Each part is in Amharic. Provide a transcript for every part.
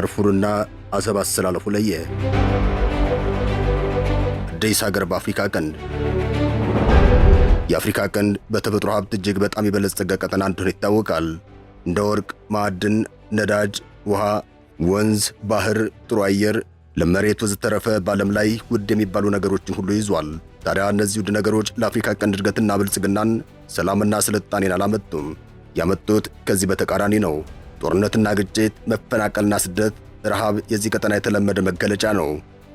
ዳርፉርና አሰብ አስተላለፉ ለየ። አዲስ ሀገር በአፍሪካ ቀንድ የአፍሪካ ቀንድ በተፈጥሮ ሀብት እጅግ በጣም የበለጸገ ቀጠና እንደሆነ ይታወቃል። እንደ ወርቅ፣ ማዕድን፣ ነዳጅ፣ ውሃ፣ ወንዝ፣ ባህር፣ ጥሩ አየር፣ ለመሬት መሬት ወዘተረፈ በዓለም ላይ ውድ የሚባሉ ነገሮችን ሁሉ ይዟል። ታዲያ እነዚህ ውድ ነገሮች ለአፍሪካ ቀንድ እድገትና ብልጽግናን፣ ሰላምና ስልጣኔን አላመጡም። ያመጡት ከዚህ በተቃራኒ ነው። ጦርነትና ግጭት፣ መፈናቀልና ስደት፣ ረሃብ የዚህ ቀጠና የተለመደ መገለጫ ነው።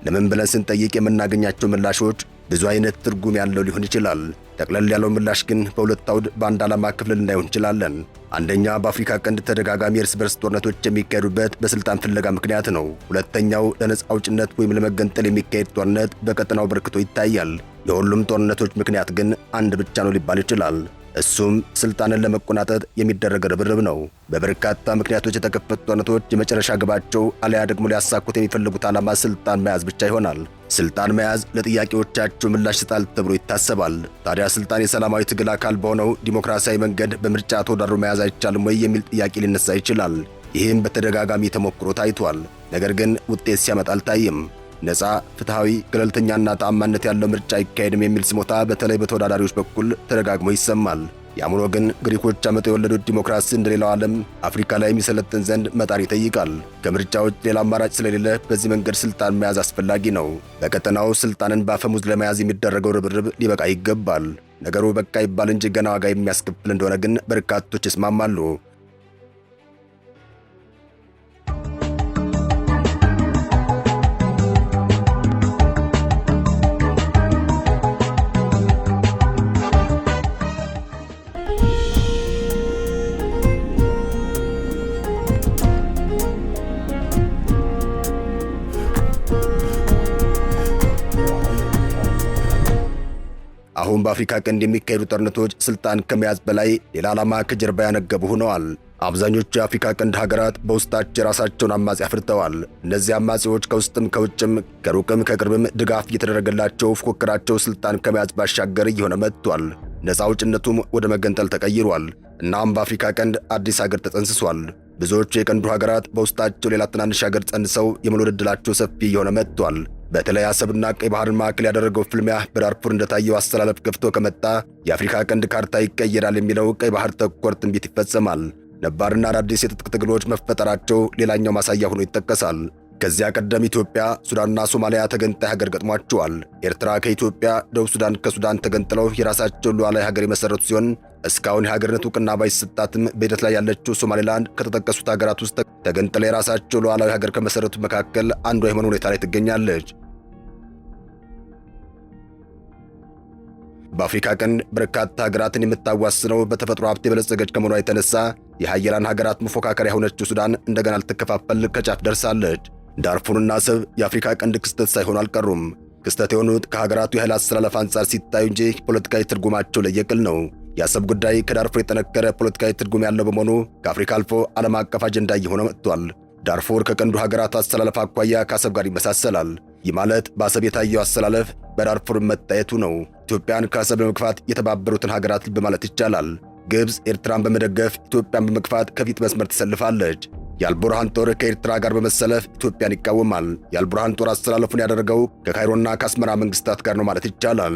ለምን ብለን ስንጠይቅ የምናገኛቸው ምላሾች ብዙ አይነት ትርጉም ያለው ሊሆን ይችላል። ጠቅለል ያለው ምላሽ ግን በሁለት አውድ በአንድ ዓላማ ክፍል ልናየው እንችላለን። አንደኛ በአፍሪካ ቀንድ ተደጋጋሚ እርስ በርስ ጦርነቶች የሚካሄዱበት በስልጣን ፍለጋ ምክንያት ነው። ሁለተኛው ለነፃ አውጭነት ወይም ለመገንጠል የሚካሄድ ጦርነት በቀጠናው በርክቶ ይታያል። የሁሉም ጦርነቶች ምክንያት ግን አንድ ብቻ ነው ሊባል ይችላል። እሱም ስልጣንን ለመቆናጠጥ የሚደረግ ርብርብ ነው። በበርካታ ምክንያቶች የተከፈቱ ጦርነቶች የመጨረሻ ግባቸው አለያ ደግሞ ሊያሳኩት የሚፈልጉት ዓላማ ስልጣን መያዝ ብቻ ይሆናል። ስልጣን መያዝ ለጥያቄዎቻቸው ምላሽ ይሰጣል ተብሎ ይታሰባል። ታዲያ ስልጣን የሰላማዊ ትግል አካል በሆነው ዲሞክራሲያዊ መንገድ በምርጫ ተወዳድሮ መያዝ አይቻልም ወይ የሚል ጥያቄ ሊነሳ ይችላል። ይህም በተደጋጋሚ ተሞክሮ ታይቷል። ነገር ግን ውጤት ሲያመጣ አልታይም። ነፃ ፍትሐዊ፣ ገለልተኛና ተአማንነት ያለው ምርጫ አይካሄድም የሚል ስሞታ በተለይ በተወዳዳሪዎች በኩል ተደጋግሞ ይሰማል። ያም ግን ግሪኮች አመጠው የወለዱት ዲሞክራሲ እንደሌላው ዓለም አፍሪካ ላይ የሚሰለጥን ዘንድ መጣር ይጠይቃል። ከምርጫዎች ሌላ አማራጭ ስለሌለ በዚህ መንገድ ስልጣን መያዝ አስፈላጊ ነው። በቀጠናው ስልጣንን በአፈሙዝ ለመያዝ የሚደረገው ርብርብ ሊበቃ ይገባል። ነገሩ በቃ ይባል እንጂ ገና ዋጋ የሚያስከፍል እንደሆነ ግን በርካቶች ይስማማሉ። አሁን በአፍሪካ ቀንድ የሚካሄዱ ጦርነቶች ስልጣን ከመያዝ በላይ ሌላ ዓላማ ከጀርባ ያነገቡ ሆነዋል። አብዛኞቹ የአፍሪካ ቀንድ ሀገራት በውስጣቸው የራሳቸውን አማጺ አፍርተዋል። እነዚህ አማጺዎች ከውስጥም ከውጭም ከሩቅም ከቅርብም ድጋፍ እየተደረገላቸው ፉክክራቸው ስልጣን ከመያዝ ባሻገር እየሆነ መጥቷል። ነፃ አውጭነቱም ወደ መገንጠል ተቀይሯል። እናም በአፍሪካ ቀንድ አዲስ ሀገር ተጸንስሷል። ብዙዎቹ የቀንዱ ሀገራት በውስጣቸው ሌላ ትናንሽ ሀገር ጸንሰው የመውለድ ዕድላቸው ሰፊ እየሆነ መጥቷል። በተለይ አሰብና ቀይ ባህርን ማዕከል ያደረገው ፍልሚያ በዳርፉር እንደታየው አስተላለፍ ገፍቶ ከመጣ የአፍሪካ ቀንድ ካርታ ይቀየራል የሚለው ቀይ ባህር ተኮር ትንቢት ይፈጸማል። ነባርና አዳዲስ የትጥቅ ትግሎች መፈጠራቸው ሌላኛው ማሳያ ሆኖ ይጠቀሳል። ከዚያ ቀደም ኢትዮጵያ፣ ሱዳንና ሶማሊያ ተገንጣይ ሀገር ገጥሟቸዋል። ኤርትራ ከኢትዮጵያ፣ ደቡብ ሱዳን ከሱዳን ተገንጥለው የራሳቸውን ሉዓላዊ ሀገር የመሰረቱ ሲሆን እስካሁን የሀገርነት እውቅና ባይሰጣትም በሂደት ላይ ያለችው ሶማሌላንድ ከተጠቀሱት ሀገራት ውስጥ ተገንጥለ የራሳቸው ሉዓላዊ ሀገር ከመሰረቱት መካከል አንዷ የሆነ ሁኔታ ላይ ትገኛለች። በአፍሪካ ቀንድ በርካታ ሀገራትን የምታዋስነው በተፈጥሮ ሀብት የበለጸገች ከመሆኗ የተነሳ የሀያላን ሀገራት መፎካከሪያ የሆነችው ሱዳን እንደገና ልትከፋፈል ከጫፍ ደርሳለች። ዳርፉርና አሰብ የአፍሪካ ቀንድ ክስተት ሳይሆኑ አልቀሩም። ክስተት የሆኑት ከሀገራቱ የኃይል አሰላለፍ አንጻር ሲታዩ እንጂ ፖለቲካዊ ትርጉማቸው ለየቅል ነው። የአሰብ ጉዳይ ከዳርፉር የጠነከረ ፖለቲካዊ ትርጉም ያለው በመሆኑ ከአፍሪካ አልፎ ዓለም አቀፍ አጀንዳ እየሆነ መጥቷል። ዳርፉር ከቀንዱ ሀገራቱ አሰላለፍ አኳያ ከአሰብ ጋር ይመሳሰላል። ይህ ማለት በአሰብ የታየው አሰላለፍ በዳርፉር መታየቱ ነው። ኢትዮጵያን ከአሰብ ለመግፋት የተባበሩትን ሀገራት ልብ ማለት ይቻላል። ግብፅ ኤርትራን በመደገፍ ኢትዮጵያን በመግፋት ከፊት መስመር ትሰልፋለች። የአልቡርሃን ጦር ከኤርትራ ጋር በመሰለፍ ኢትዮጵያን ይቃወማል። የአልቡርሃን ጦር አስተላለፉን ያደረገው ከካይሮና ከአስመራ መንግስታት ጋር ነው ማለት ይቻላል።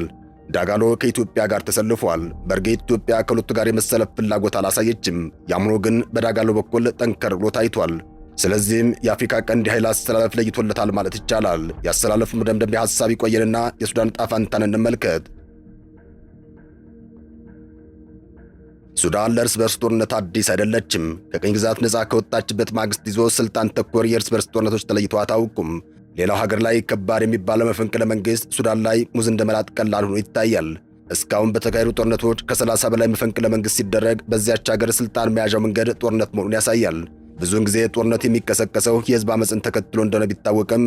ዳጋሎ ከኢትዮጵያ ጋር ተሰልፏል። በእርግጥ ኢትዮጵያ ከሁለቱ ጋር የመሰለፍ ፍላጎት አላሳየችም። ያምኖ ግን በዳጋሎ በኩል ጠንከር ብሎ ታይቷል። ስለዚህም የአፍሪካ ቀንድ ኃይል አስተላለፍ ለይቶለታል ማለት ይቻላል። የአስተላለፉ መደምደሚያ ሐሳብ ይቆየንና የሱዳን ጣፋንታን እንመልከት። ሱዳን ለእርስ በርስ ጦርነት አዲስ አይደለችም። ከቅኝ ግዛት ነፃ ከወጣችበት ማግስት ይዞ ስልጣን ተኮር የእርስ በርስ ጦርነቶች ተለይቶ አታውቁም። ሌላው ሀገር ላይ ከባድ የሚባለው መፈንቅለ መንግስት ሱዳን ላይ ሙዝ እንደመላጥ ቀላል ሆኖ ይታያል። እስካሁን በተካሄዱ ጦርነቶች ከ30 በላይ መፈንቅለ መንግስት ሲደረግ በዚያች ሀገር ስልጣን መያዣው መንገድ ጦርነት መሆኑን ያሳያል። ብዙውን ጊዜ ጦርነት የሚቀሰቀሰው የህዝብ አመፅን ተከትሎ እንደሆነ ቢታወቅም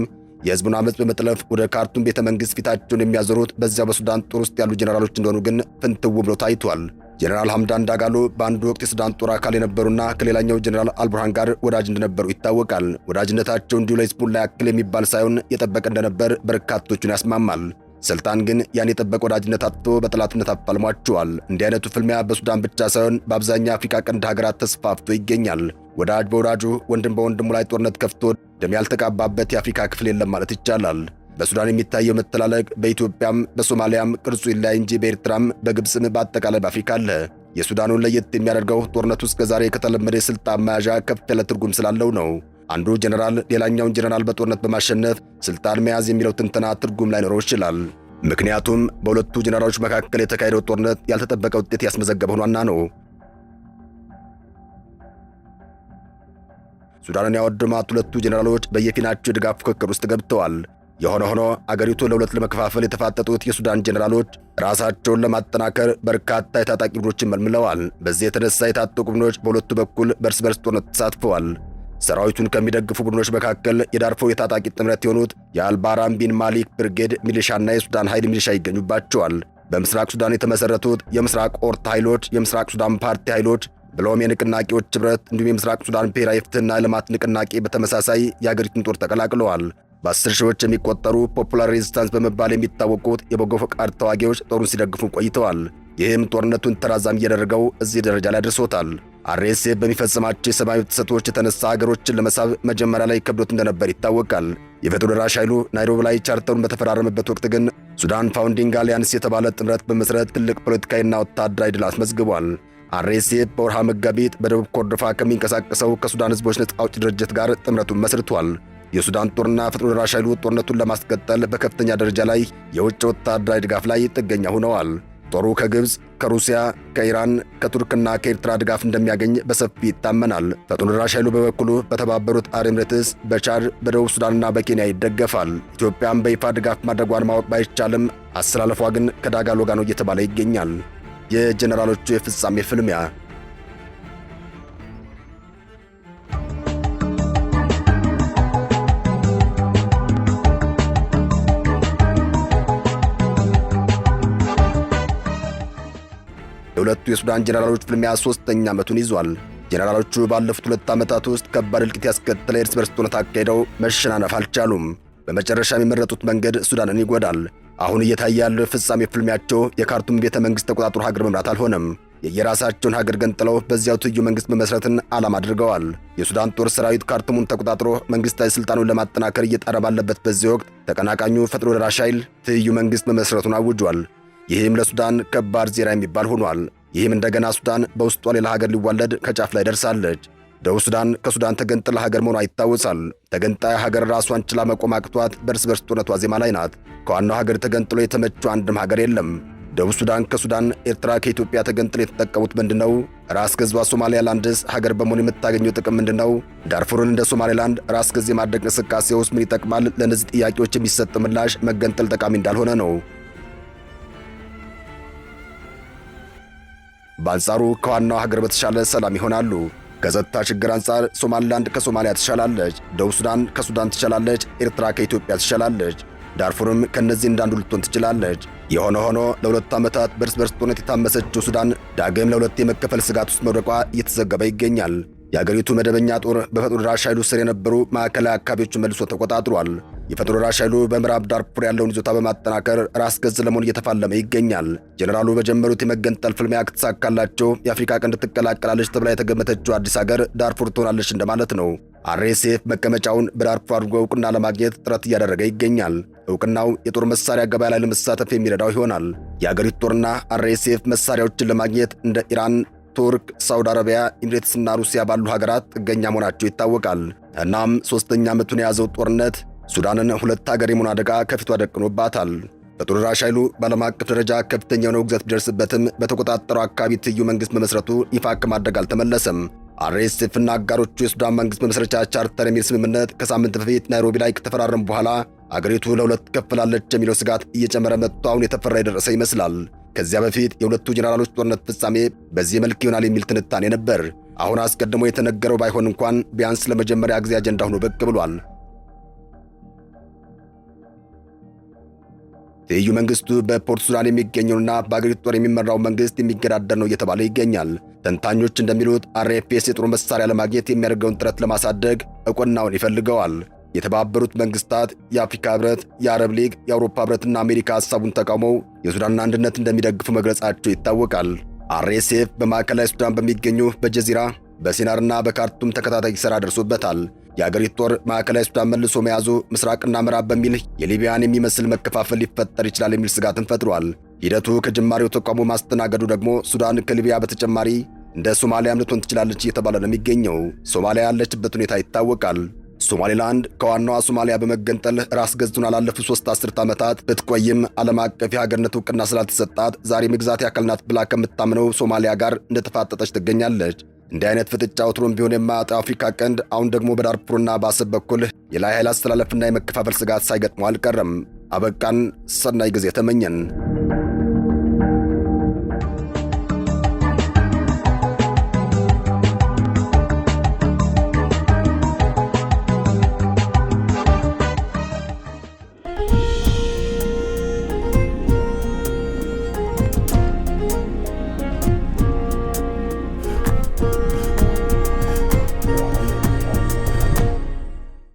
የህዝቡን አመፅ በመጥለፍ ወደ ካርቱም ቤተ መንግስት ፊታቸውን የሚያዞሩት በዚያ በሱዳን ጦር ውስጥ ያሉ ጀኔራሎች እንደሆኑ ግን ፍንትው ብሎ ታይቷል። ጀኔራል ሐምዳን ዳጋሎ በአንድ ወቅት የሱዳን ጦር አካል የነበሩና ከሌላኛው ጀኔራል አልቡርሃን ጋር ወዳጅ እንደነበሩ ይታወቃል። ወዳጅነታቸው እንዲሁ ለሂዝቡላ ያክል የሚባል ሳይሆን የጠበቀ እንደነበር በርካቶቹን ያስማማል። ስልጣን ግን ያን የጠበቀ ወዳጅነት አጥቶ በጠላትነት አፋልሟቸዋል። እንዲህ አይነቱ ፍልሚያ በሱዳን ብቻ ሳይሆን በአብዛኛው አፍሪካ ቀንድ ሀገራት ተስፋፍቶ ይገኛል። ወዳጅ በወዳጁ ወንድም በወንድሙ ላይ ጦርነት ከፍቶ ደም ያልተቃባበት የአፍሪካ ክፍል የለም ማለት ይቻላል። በሱዳን የሚታየው መተላለቅ በኢትዮጵያም በሶማሊያም ቅርጹ ይለያይ እንጂ በኤርትራም በግብፅም በአጠቃላይ በአፍሪካ አለ። የሱዳኑን ለየት የሚያደርገው ጦርነቱ እስከ ዛሬ ከተለመደ የስልጣን መያዣ ከፍ ያለ ትርጉም ስላለው ነው። አንዱ ጀነራል ሌላኛውን ጀነራል በጦርነት በማሸነፍ ስልጣን መያዝ የሚለው ትንተና ትርጉም ላይኖረው ይችላል። ምክንያቱም በሁለቱ ጀነራሎች መካከል የተካሄደው ጦርነት ያልተጠበቀ ውጤት ያስመዘገበ ሆኗና ነው። ሱዳንን ያወደማት ሁለቱ ጄኔራሎች በየፊናቸው የድጋፍ ፉክክር ውስጥ ገብተዋል። የሆነ ሆኖ አገሪቱን ለሁለት ለመከፋፈል የተፋጠጡት የሱዳን ጄኔራሎች ራሳቸውን ለማጠናከር በርካታ የታጣቂ ቡድኖችን መልምለዋል። በዚህ የተነሳ የታጠቁ ቡድኖች በሁለቱ በኩል በእርስ በርስ ጦርነት ተሳትፈዋል። ሰራዊቱን ከሚደግፉ ቡድኖች መካከል የዳርፎር የታጣቂ ጥምረት የሆኑት የአልባራም ቢን ማሊክ ብርጌድ ሚሊሻና የሱዳን ኃይል ሚሊሻ ይገኙባቸዋል። በምስራቅ ሱዳን የተመሠረቱት የምስራቅ ኦርት ኃይሎች፣ የምስራቅ ሱዳን ፓርቲ ኃይሎች ብሎም የንቅናቄዎች ኅብረት እንዲሁም የምስራቅ ሱዳን ብሔራዊ ፍትሕና ልማት ንቅናቄ በተመሳሳይ የአገሪቱን ጦር ተቀላቅለዋል። በአስር ሺዎች የሚቆጠሩ ፖፑላር ሬዚስታንስ በመባል የሚታወቁት የበጎ ፈቃድ ተዋጊዎች ጦሩን ሲደግፉ ቆይተዋል። ይህም ጦርነቱን ተራዛም እያደረገው እዚህ ደረጃ ላይ አድርሶታል። አርኤስኤፍ በሚፈጽማቸው የሰብአዊ ጥሰቶች የተነሳ ሀገሮችን ለመሳብ መጀመሪያ ላይ ከብዶት እንደነበር ይታወቃል። የፈጥኖ ደራሽ ኃይሉ ናይሮቢ ላይ ቻርተሩን በተፈራረመበት ወቅት ግን ሱዳን ፋውንዲንግ አሊያንስ የተባለ ጥምረት በመሠረት ትልቅ ፖለቲካዊና ወታደራዊ ድል አስመዝግቧል። አርኤስኤፍ በወርሃ መጋቢት በደቡብ ኮርዶፋ ከሚንቀሳቀሰው ከሱዳን ህዝቦች ነጻ አውጪ ድርጅት ጋር ጥምረቱን መስርቷል። የሱዳን ጦርና ፈጥኖ ደራሽ ኃይሉ ጦርነቱን ለማስቀጠል በከፍተኛ ደረጃ ላይ የውጭ ወታደራዊ ድጋፍ ላይ ጥገኛ ሆነዋል። ጦሩ ከግብፅ፣ ከሩሲያ፣ ከኢራን፣ ከቱርክና ከኤርትራ ድጋፍ እንደሚያገኝ በሰፊ ይታመናል። ፈጥኖ ደራሽ ኃይሉ በበኩሉ በተባበሩት አረብ ኤምሬትስ፣ በቻድ፣ በደቡብ ሱዳንና በኬንያ ይደገፋል። ኢትዮጵያም በይፋ ድጋፍ ማድረጓን ማወቅ ባይቻልም አሰላለፏ ግን ከዳጋሎ ጋር ነው እየተባለ ይገኛል። የጀነራሎቹ የፍጻሜ ፍልሚያ የሁለቱ የሱዳን ጀነራሎች ፍልሚያ ሦስተኛ ዓመቱን ይዟል። ጀነራሎቹ ባለፉት ሁለት ዓመታት ውስጥ ከባድ እልቂት ያስከተለ የእርስ በርስ ጦርነት አካሄደው መሸናነፍ አልቻሉም። በመጨረሻ የሚመረጡት መንገድ ሱዳንን ይጎዳል፣ አሁን እየታየ ያለው የፍጻሜ ፍልሚያቸው የካርቱም ቤተ መንግሥት ተቆጣጥሮ ሀገር መምራት አልሆነም። የየራሳቸውን ሀገር ገንጥለው በዚያው ትዩ መንግሥት መመስረትን ዓላማ አድርገዋል። የሱዳን ጦር ሰራዊት ካርቱሙን ተቆጣጥሮ መንግሥታዊ ሥልጣኑን ለማጠናከር እየጣረ ባለበት በዚህ ወቅት ተቀናቃኙ ፈጥኖ ደራሽ ኃይል ትዩ መንግሥት መመስረቱን አውጇል። ይህም ለሱዳን ከባድ ዜራ የሚባል ሆኗል። ይህም እንደገና ሱዳን በውስጧ ሌላ ሀገር ሊዋለድ ከጫፍ ላይ ደርሳለች። ደቡብ ሱዳን ከሱዳን ተገንጥላ ሀገር መሆኗ ይታወሳል። ተገንጣይ ሀገር ራሷን ችላ መቆም አቅቷት በእርስ በርስ ጦርነቷ ዜማ ላይ ናት። ከዋናው ሀገር ተገንጥሎ የተመቹ አንድም ሀገር የለም። ደቡብ ሱዳን ከሱዳን፣ ኤርትራ ከኢትዮጵያ ተገንጥሎ የተጠቀሙት ምንድን ነው? ራስ ሶማሊያ ላንድስ ሀገር በመሆኑ የምታገኘው ጥቅም ምንድ ነው? ዳርፉርን እንደ ሶማሌላንድ ራስ ገዝ የማድረግ እንቅስቃሴ ውስጥ ምን ይጠቅማል? ለእነዚህ ጥያቄዎች የሚሰጥ ምላሽ መገንጠል ጠቃሚ እንዳልሆነ ነው። በአንጻሩ ከዋናው ሀገር በተሻለ ሰላም ይሆናሉ። ከጸጥታ ችግር አንጻር ሶማሊላንድ ከሶማሊያ ትሻላለች፣ ደቡብ ሱዳን ከሱዳን ትሻላለች፣ ኤርትራ ከኢትዮጵያ ትሻላለች፣ ዳርፉርም ከእነዚህ እንዳንዱ ልትሆን ትችላለች። የሆነ ሆኖ ለሁለት ዓመታት በርስ በርስ ጦርነት የታመሰችው ሱዳን ዳግም ለሁለት የመከፈል ስጋት ውስጥ መውደቋ እየተዘገበ ይገኛል። የአገሪቱ መደበኛ ጦር በፈጥኖ ደራሽ ኃይሉ ስር የነበሩ ማዕከላዊ አካባቢዎችን መልሶ ተቆጣጥሯል። የፈጥኖ ደራሽ ኃይሉ በምዕራብ ዳርፑር ያለውን ይዞታ በማጠናከር ራስ ገዝ ለመሆን እየተፋለመ ይገኛል። ጀኔራሉ በጀመሩት የመገንጠል ፍልሚያ ከተሳካላቸው የአፍሪካ ቀንድ ትቀላቀላለች ተብላ የተገመተችው አዲስ አገር ዳርፉር ትሆናለች እንደማለት ነው። አርኤስኤፍ መቀመጫውን በዳርፉር አድርጎ እውቅና ለማግኘት ጥረት እያደረገ ይገኛል። እውቅናው የጦር መሳሪያ ገበያ ላይ ለመሳተፍ የሚረዳው ይሆናል። የአገሪቱ ጦርና አርኤስኤፍ መሳሪያዎችን ለማግኘት እንደ ኢራን ቱርክ፣ ሳውዲ አረቢያ፣ ኢሚሬትስና ሩሲያ ባሉ ሀገራት ጥገኛ መሆናቸው ይታወቃል። እናም ሦስተኛ ዓመቱን የያዘው ጦርነት ሱዳንን ሁለት ሀገር የመሆን አደጋ ከፊቷ ደቅኖባታል። በጦር ደራሽ ኃይሉ በዓለም አቀፍ ደረጃ ከፍተኛ የሆነ ውግዘት ቢደርስበትም በተቆጣጠረው አካባቢ ትይዩ መንግሥት መመስረቱ ይፋ ከማድረግ አልተመለሰም። አርኤስኤፍ እና አጋሮቹ የሱዳን መንግሥት መመስረቻ ቻርተር የሚል ስምምነት ከሳምንት በፊት ናይሮቢ ላይ ከተፈራረሙ በኋላ አገሪቱ ለሁለት ትከፈላለች የሚለው ስጋት እየጨመረ መጥቶ አሁን የተፈራ የደረሰ ይመስላል። ከዚያ በፊት የሁለቱ ጀነራሎች ጦርነት ፍጻሜ በዚህ መልክ ይሆናል የሚል ትንታኔ ነበር። አሁን አስቀድሞ የተነገረው ባይሆን እንኳን ቢያንስ ለመጀመሪያ ጊዜ አጀንዳ ሆኖ ብቅ ብሏል። ትይዩ መንግስቱ በፖርት ሱዳን የሚገኘውና በአገሪቱ ጦር የሚመራው መንግስት የሚገዳደር ነው እየተባለ ይገኛል። ተንታኞች እንደሚሉት አርኤፍኤስ የጦር መሳሪያ ለማግኘት የሚያደርገውን ጥረት ለማሳደግ እቆናውን ይፈልገዋል። የተባበሩት መንግስታት፣ የአፍሪካ ህብረት፣ የአረብ ሊግ፣ የአውሮፓ ህብረትና አሜሪካ ሀሳቡን ተቃውመው የሱዳንን አንድነት እንደሚደግፉ መግለጻቸው ይታወቃል። አርኤስኤፍ በማዕከላዊ ሱዳን በሚገኙ በጀዚራ በሲናርና በካርቱም ተከታታይ ሥራ ደርሶበታል። የአገሪቱ ጦር ማዕከላዊ ሱዳን መልሶ መያዙ ምስራቅና ምዕራብ በሚል የሊቢያን የሚመስል መከፋፈል ሊፈጠር ይችላል የሚል ስጋትን ፈጥሯል። ሂደቱ ከጅማሬው ተቃውሞ ማስተናገዱ ደግሞ ሱዳን ከሊቢያ በተጨማሪ እንደ ሶማሊያም ልትሆን ትችላለች እየተባለ ነው የሚገኘው። ሶማሊያ ያለችበት ሁኔታ ይታወቃል። ሶማሌላንድ ከዋናዋ ሶማሊያ በመገንጠል ራስ ገዝቱን ላለፉት ሶስት አስርት ዓመታት ብትቆይም ዓለም አቀፍ የሀገርነት እውቅና ስላልተሰጣት ዛሬም ምግዛት አካል ናት ብላ ከምታምነው ሶማሊያ ጋር እንደተፋጠጠች ትገኛለች። እንዲህ አይነት ፍጥጫ ወትሮም ቢሆን የማያጣው አፍሪካ ቀንድ አሁን ደግሞ በዳርፉርና በአሰብ በኩል የላይ ኃይል አስተላለፍና የመከፋፈል ስጋት ሳይገጥመው አልቀረም። አበቃን። ሰናይ ጊዜ ተመኘን።